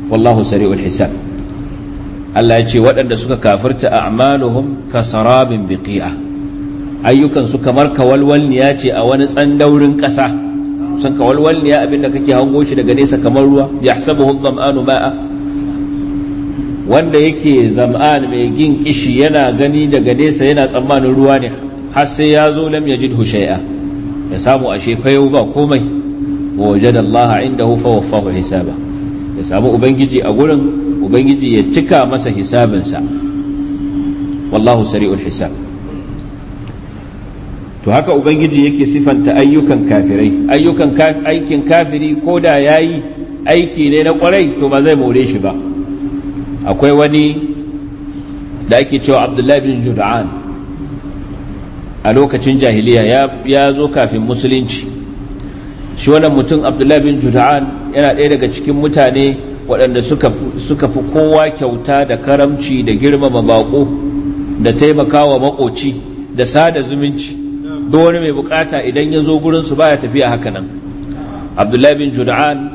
wallahu sari'ul hisab Allah ya ce waɗanda suka kafirta a'maluhum kasarabin biqi'a biƙi'a. Ayyukansu kamar kawalwalniya ce a wani tsandaurin ƙasa san kawalwalniya abinda kake hango shi daga nesa kamar ruwa yahsabuhu dhama'anu ma'a wanda yake zam'an mai gin kishi yana gani daga nesa yana tsammanin ruwa ne har sai ya zo lam yajidhu shay'a ya samu ashe fayo ba komai wa da Allah indahu fa waffahu hisaba ya samu ubangiji a gurin ubangiji ya cika masa hisabinsa wallahu sari'ul hisab to haka ubangiji yake sifanta ayyukan kafirai ayyukan aikin kafiri ko da yayi aiki ne na kwarai to ba zai more shi ba akwai wani da ake cewa abdullahi bin jud'an a lokacin jahiliya ya zo kafin musulunci shi wannan mutum abdullahi bin jud'an yana ɗaya daga cikin mutane waɗanda suka fi kowa kyauta da karamci da girmama baƙo da taimakawa maƙoci da sada zumunci duk wani mai bukata idan ya zo gurinsu baya tafiya haka nan abdullahi bin jud'an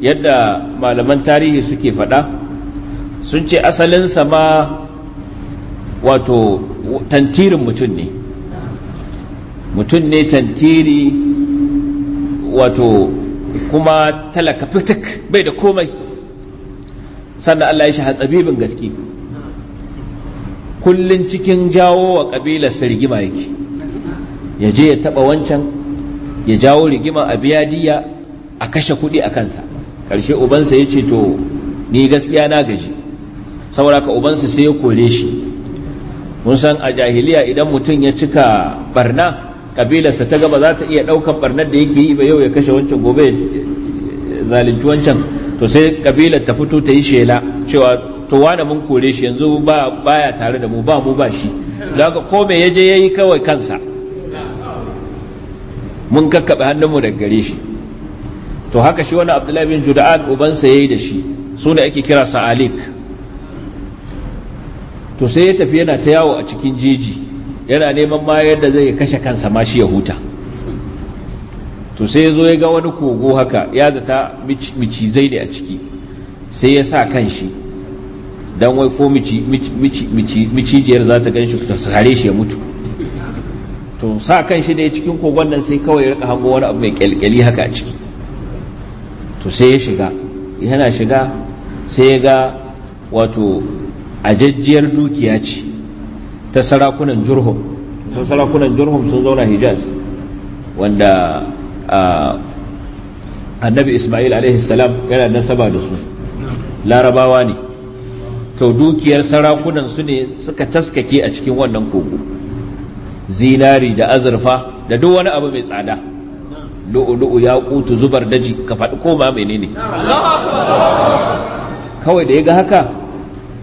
yadda malaman tarihi suke faɗa sun ce asalinsa ma wato tantirin mutum ne mutum ne tantiri wato kuma talaka fitik bai da komai sannan Allah ya shi hatsabibin gaske kullun cikin jawo wa kabilar rigima yake ya je ya taba wancan ya jawo rigima a biya diya a kashe kuɗi a kansa ƙarshe ubansa ya ce to ni gaskiya na gaji saboda ka ubansa sai ya kore shi mun san a jahiliya idan mutum ya cika barna kabilarsa ta gaba za ta iya ɗaukar barnar da yake yi ba yau ya kashe wancan gobe zalunci wancan to sai kabilar ta fito ta yi shela cewa to wane mun kore shi yanzu ba baya tare da mu ba mu ba shi kome ya je ya yi kawai kansa mun kakkaɓe hannunmu daga gare shi to haka shi wani abdullahi bin juda'an ubansa yi da shi su ne ake kira sa'alik to sai ya tafi yana ta yawo a cikin jeji yana neman ma yadda zai kashe kansa ma shi ya huta to sai ya zo ya ga wani kogo haka ya zata micizai ne a ciki sai ya sa kan shi don wai ko micijiyar za ta gan shi ta sare shi ya mutu to sa kan shi da ya cikin kogon nan sai kawai ya rika hango wani abu mai kyalkyali haka a ciki to sai ya shiga yana shiga sai ya ga wato ajajjiyar dukiya ce ta sarakunan jurhum sun sun zauna hijaz wanda Uh, annabi ismail alaihi salam yana nasaba da su larabawa ne to dukiyar sarakunan su ne suka taskake a cikin wannan kogo zinari da azurfa da duk wani abu mai tsada lu'ulu'u ya kutu zubar daji ka faɗi koma menene kawai da ya ga haka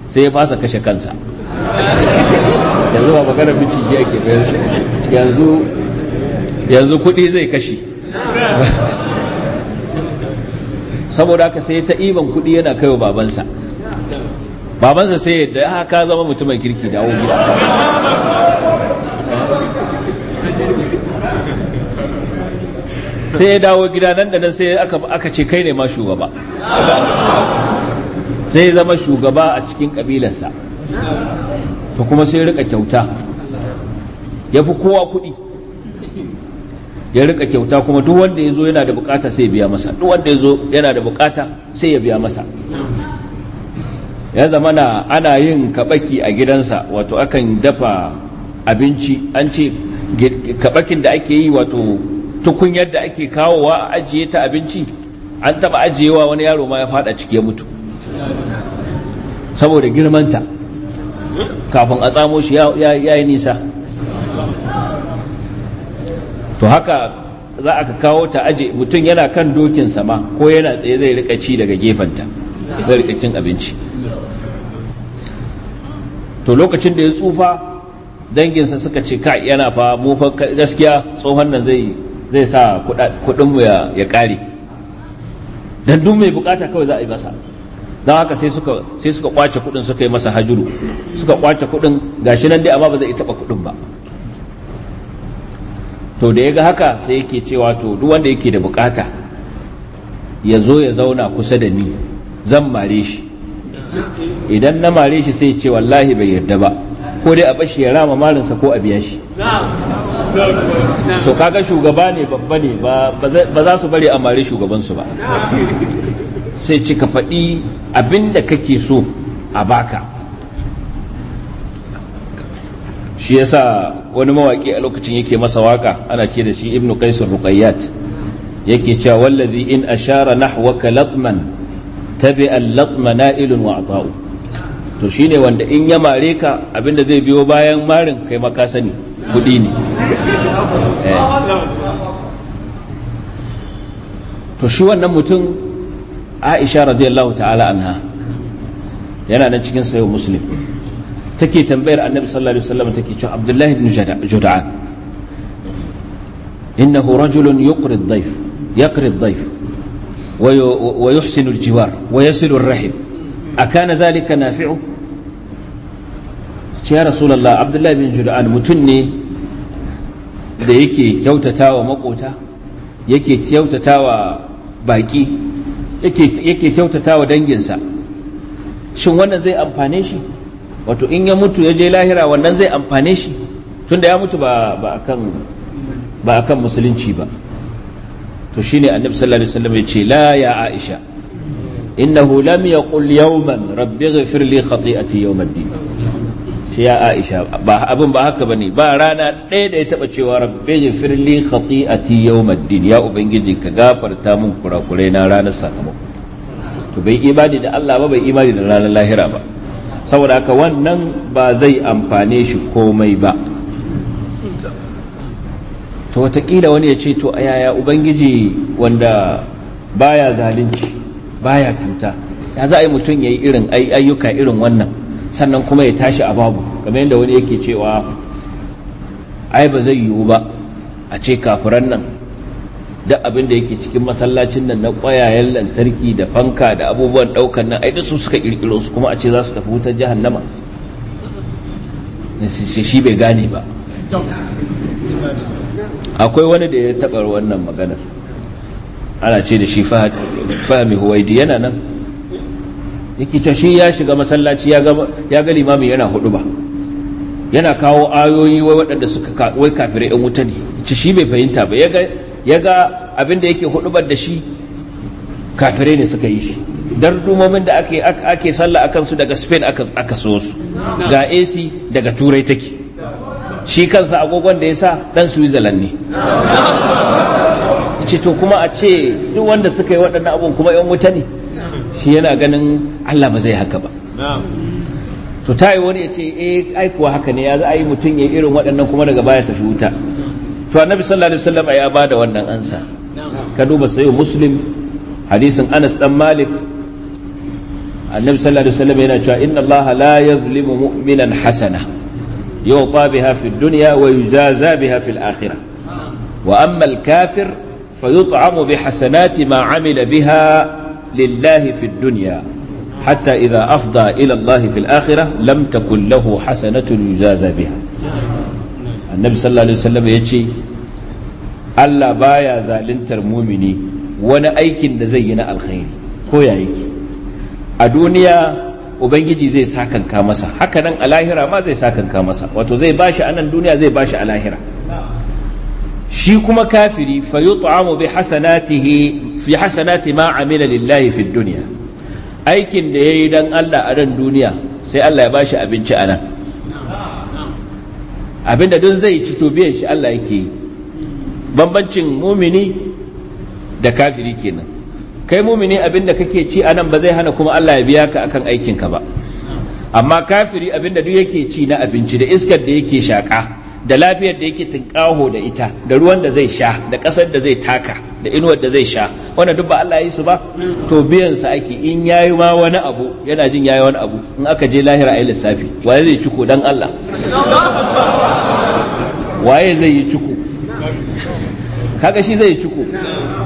sai ya fasa kashe kansa yanzu ba magana bincike ake yanzu yanzu kuɗi zai kashe saboda haka sai ta iban kuɗi yana kai wa babansa babansa sai yadda ya ah, haka zama mutumin kirki da gida sai ya dawo gida nan da nan sai aka ce kai ne ma shugaba sai zama shugaba a cikin kabilarsa to kuma sai rika kyauta ya fi kowa kuɗi ya rika kyauta kuma duk wanda ya zo yana da bukata sai ya biya masa duk wanda ya zo yana da bukata sai ya biya masa ya zama na ana yin kabaki a gidansa wato akan dafa abinci an ce kabakin da ake yi wato tukunyar da ake kawowa a ajiye ta abinci an taba ajiyewa wani yaro ma ya fada ciki ya mutu saboda girmanta kafin a tsamo shi ya yi nisa to haka za a kawo ta aje mutum yana kan dokin sama ko yana tsaye zai rika ci daga gefenta zai rika cin abinci to lokacin da ya tsufa danginsa suka ce ka yana fa mu fa gaskiya tsohon nan zai zai sa kuɗin mu ya kare dan duk mai bukata kawai za a yi masa dan haka sai suka sai suka kwace kudin suka yi masa hajuru suka kwace kuɗin, gashi nan dai amma ba zai taba kudin ba to da ya ga haka sai yake cewa to duk wanda yake da bukata ya zo ya zauna kusa da ni zan mare shi idan na mare shi sai ce wallahi bai yarda ba ko dai a bashi ya rama marinsa ko a biya shi to kaga shugaba ne babba ne ba za su bari a mare shugabansu ba sai cika faɗi abinda da kake so a baka shi yasa wani mawaki a lokacin yake masa waka ana ce da shi ibnu qais ruqayyat yake cewa wallazi in ashara nahwaka latman tabi al-latma na'ilun wa ata'u to shine wanda in ya mare ka abinda zai biyo bayan marin kai maka sani kudi ne eh. to shi wannan mutum Aisha radiyallahu ta'ala anha yana nan cikin sayo muslim take tambayar annabi sallallahu alaihi wasallam take cewa abdullahi ibn juda'an innahu rajulun yuqri ad-dayf yaqri ad-dayf wa yuhsinu al-jiwar wa yasilu ar-rahim akana dhalika nafi'u ya rasulullah abdullahi ibn juda'an mutun ne da yake kyautatawa makota yake kyautatawa baki yake kyautatawa danginsa shin wannan zai amfane shi wato in ya mutu ya je lahira wannan zai amfane shi tunda ya mutu ba akan ba musulunci ba to shi ne annabi sallallahu alaihi wasallam ya ce la ya aisha innahu lam yaqul yawman rabbi ighfir li khati'ati yawm ad-din ce ya aisha ba abin ba haka bane ba rana ɗaya da ya taba cewa rabbi ighfir li khati'ati yawm ad-din ya ubangiji ka gafarta mun kurakurai na ranar sakamako to bai imani da Allah ba bai imani da ranar lahira ba saboda haka wannan ba zai amfane shi komai ba to watakila wani ya ce to a yaya ubangiji wanda baya zalunci baya cuta ya za a yi mutum ya yi irin ayyuka irin wannan sannan kuma ya tashi a babu game yadda wani yake cewa ai ba zai yiwu ba a ce kafiran nan duk abin da yake cikin masallacin nan na ƙwayayen lantarki da fanka da abubuwan ɗaukan nan ai da su suka ƙirƙiro su kuma a ce za su tafi wutar jahannama shi bai gane ba akwai wani da ya taɓa wannan maganar ana ce da shi fahimi huwaidi yana nan yake ta shi ya shiga masallaci ya ga limamin yana hudu ba yana kawo ayoyi wai waɗanda suka wai kafirai 'yan wuta ne ci shi bai fahimta ba ya ga ya ga abin da yake hudubar da shi kafire ne suka yi shi dardumomin da ake ake sallah akan su daga spain aka so su ga ac daga turai take shi kansa agogon da ya sa dan switzerland ne ce to kuma a ce duk wanda suka yi waɗannan abun kuma yan wuta ne shi yana ganin allah ba zai haka ba to ta yi wani ya ce eh ai kuwa haka ne ya za a yi mutum ya irin waɗannan kuma daga baya tafi wuta to annabi sallallahu alaihi wasallam ya bada wannan ansa ka duba sayo muslim hadisin anas dan malik annabi sallallahu alaihi wasallam yana cewa inna allaha la yadhlimu mu'minan hasana yuqa biha fi dunya wa yujaza biha fil akhirah wa amma al kafir fayut'amu bi hasanati ma amila biha lillahi fi dunya حتى إذا أفضى إلى الله في الآخرة لم تكن له حسنة يجازى بها annabi sallallahu alaihi wasallam ya ce Allah baya zaluntar mumini wani aikin da zai yi na alkhairi ko ya yake a duniya ubangiji zai sakanka masa haka nan a lahira ma zai sakanka masa wato zai bashi a nan duniya zai bashi a lahira shi kuma kafiri fa yut'amu bi hasanatihi fi hasanati ma amila lillahi fi dunya aikin da yayi dan Allah a nan duniya sai Allah ya bashi abinci a nan abinda duk zai ci to biyan shi Allah yake yi bambancin mumini da kafiri kenan kai mumini abinda kake ci anan ba zai hana kuma Allah ya biya ka akan aikinka ba amma kafiri abinda duk yake ci na abinci da iskar da yake shaka da lafiyar da yake tinkaho da ita da ruwan da zai sha da ƙasar da zai taka da inuwar da zai sha wanda duk ba Allah ya yi su ba to biyan sa ake in yayi ma wani abu yana jin yayi wani abu in aka je lahira ayi lissafi waye zai ciko dan Allah waye zai yi ciko kaga shi zai yi ciko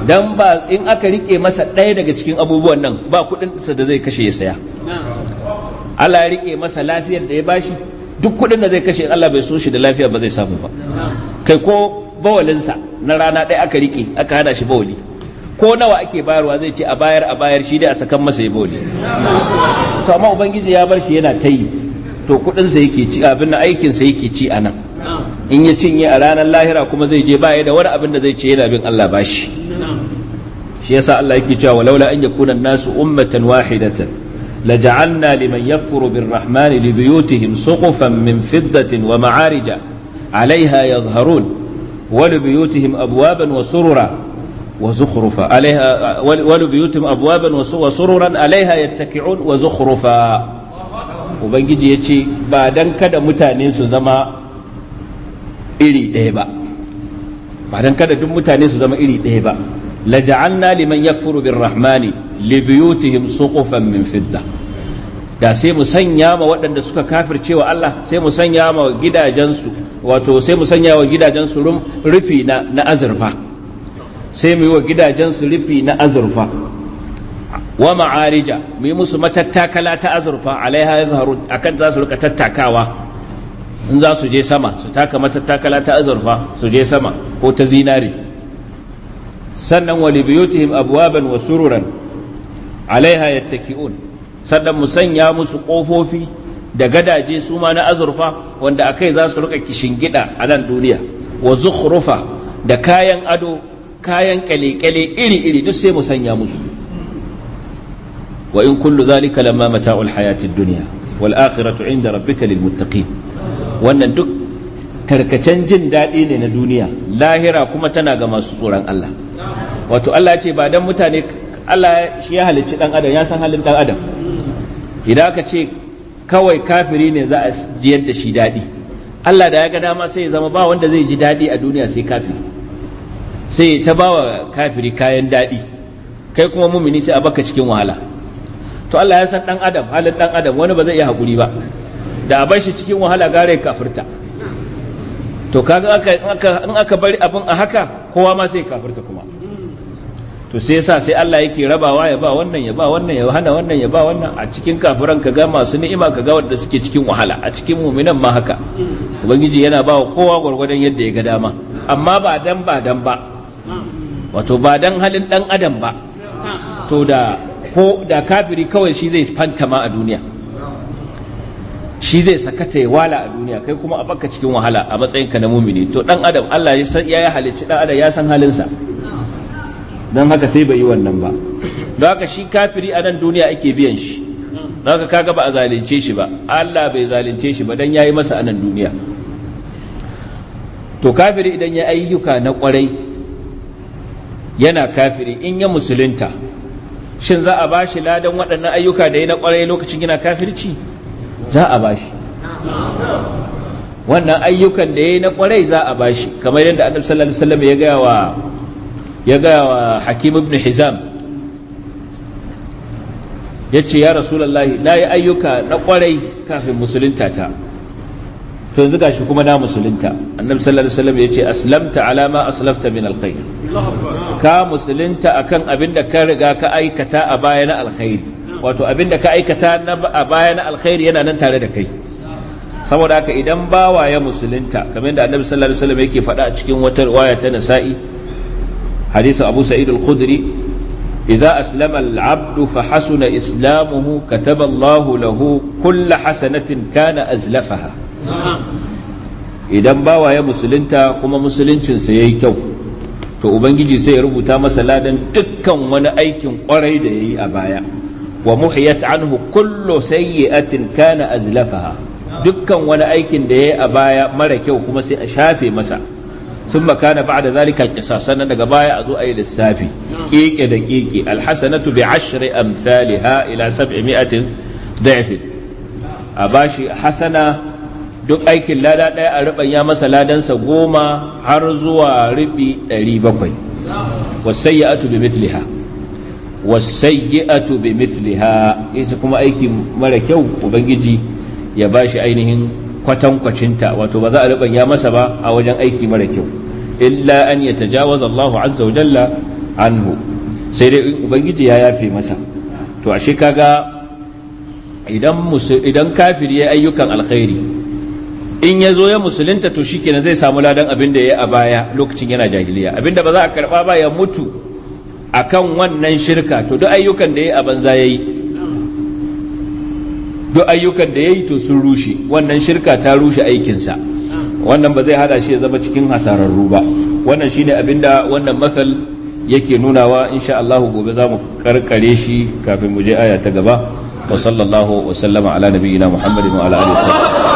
dan ba in aka rike masa ɗaya daga cikin abubuwan nan ba kuɗin sa da zai kashe ya saya Allah ya rike masa lafiyar da ya bashi duk kuɗin da zai kashe in Allah bai so shi da lafiya ba zai samu ba kai ko bawalinsa na rana ɗaya aka rike aka hana shi bawali ko nawa ake bayarwa zai ce a bayar a bayar shi dai a sakan masa ya bawali to amma ubangiji ya bar shi yana ta yi to kuɗinsa yake ci abin aikinsa yake ci anan. in ya cinye a ranar lahira kuma zai je baya da wani abin da zai ce yana bin Allah bashi shi yasa Allah yake cewa walaula an yakuna nasu ummatan wahidatan لجعلنا لمن يكفر بالرحمن لبيوتهم سقفا من فضة ومعارج عليها يظهرون ولبيوتهم أبوابا وسررا وزخرفا عليها ولبيوتهم أبوابا وسررا عليها يتكعون وزخرفا ubangiji ya ce ba don kada mutane su zama iri ɗaya ba ba don kada duk mutane su zama iri ɗaya ba laja'alna liman yakfuru birrahmani li buyutihim suqufan min fidda da sai mu ma waɗanda suka kafirce wa Allah sai mu sanya ma gidajensu wato sai mu wa gidajensu rufi na, na azurfa sai mu wa gidajensu rufi na azurfa wa ma'arija mu yi musu matattakala ta azurfa alaiha yazharu akan za su rika tattakawa in za su je sama su taka matattakala ta azurfa su je sama ko ta zinari sannan wali biyotihim abuwaban wa sururan alaiha yattaki'un sannan mu sanya musu kofofi da gadaje su ma na azurfa wanda akai za su rika kishingida a nan duniya wa zukhrufa da kayan ado kayan kyale-kyale iri-iri duk sai mu sanya musu wa in kullu zalika lamma mata'ul hayatid dunya wal akhiratu inda rabbika lil muttaqin wannan duk tarkacen jin daɗi ne na duniya lahira kuma tana ga masu tsoron Allah wato Allah ya ce ba dan mutane Allah shi ya halicci dan adam ya san halin dan adam idan ka ce kawai kafiri ne za a jiyar da shi daɗi Allah da ya ga dama sai ya zama ba wanda zai ji daɗi a duniya sai kafiri sai ta ba kafiri kayan daɗi kai kuma mumini sai a baka cikin wahala to Allah ya san dan adam halin dan adam wani ba zai iya hakuri ba da a bar shi cikin wahala gare kafirta to kaga in aka bari abin a haka kowa ma sai kafirta kuma to sai yasa sai Allah yake rabawa ya ba wannan ya ba wannan ya hana wannan ya ba wannan a cikin kafiran ka ga masu ni'ima ka ga wanda suke cikin wahala a cikin mu'minan ma haka ubangiji yana ba wa kowa gwargwadon yadda ya ga dama amma ba dan ba dan ba wato ba dan halin dan adam ba to da ko da kafiri kawai shi zai fantama a duniya shi zai sakata ya wala a duniya kai kuma a baka cikin wahala a matsayinka na mumini to dan adam Allah ya ya halicci dan adam ya san halinsa don haka sai bai yi wannan ba don haka shi kafiri a nan duniya ake biyan shi don haka kaga ba a zalunce shi ba Allah bai zalunce shi ba don ya yi masa a nan duniya to kafiri idan ya ayyuka na kwarai yana kafiri in ya musulunta shin za a ba shi ladan waɗannan ayyuka da ya na kwarai lokacin yana kafirci za a ba shi wannan ayyukan da ya yi na kwarai za a bashi kamar yadda annabi sallallahu alaihi wasallam ya gaya wa ya gaya wa hakim ibn hizam ya ce ya rasulallahi na yi ayyuka na kwarai kafin musulunta ta to yanzu gashi kuma na musulunta annabi sallallahu alaihi wasallam ya ce aslamta ala ma aslafta min alkhair ka musulunta akan abin da ka riga ka aikata a baya na alkhairi wato abin da ka aikata a baya na alkhairi yana nan tare da kai saboda haka idan bawa ya musulunta kamar yadda annabi sallallahu alaihi wasallam yake faɗa a cikin wata riwaya ta nasa'i hadisin abu sa'id al-khudri idza aslama al fa hasuna islamuhu kataba Allah lahu kull hasanatin kana azlafaha idan bawa ya musulunta kuma musuluncinsa yayi kyau to ubangiji sai ya rubuta masa ladan dukkan wani aikin kwarai da yayi a baya wa muhiyat anhu kullu sayyi'atin kana azlafaha dukkan wani aikin da yayi a baya mara kyau kuma sai a shafe masa sun makana ba da zalika kisa sannan daga baya a zo a yi lissafi keke da keke alhasanatu bi ashri amthaliha ila sab'i mi'atin da'ifin a bashi hasana duk aikin lada ɗaya a ya masa ladansa goma har zuwa ribi ɗari bakwai wasayyatu bi mithliha wasayyatu bi mithliha ita kuma aiki mara kyau ubangiji ya bashi ainihin kwatankwacinta wato ba za a rubanya masa ba a wajen aiki mara kyau illa an ya tajawaza Allahu azza wa jalla anhu sai dai ubangiji ya yafe masa to ashe kaga idan idan kafiri ya ayyukan alkhairi in ya zo ya musulunta to shikenan zai samu ladan abin da ya a baya lokacin yana jahiliya abin da ba za a karba ba ya mutu akan wannan shirka to duk ayyukan da ya a banza yayi duk ayyukan da ya yi to sun rushe wannan shirka ta rushe aikinsa wannan ba zai hada shi ya zama cikin hasararru ba wannan shine da wannan masal yake nunawa insha Allah gobe za mu karkare shi kafin mu je aya ta gaba wa sallallahu wa sallama ala nabiyyina muhammadin wa ala alihi wa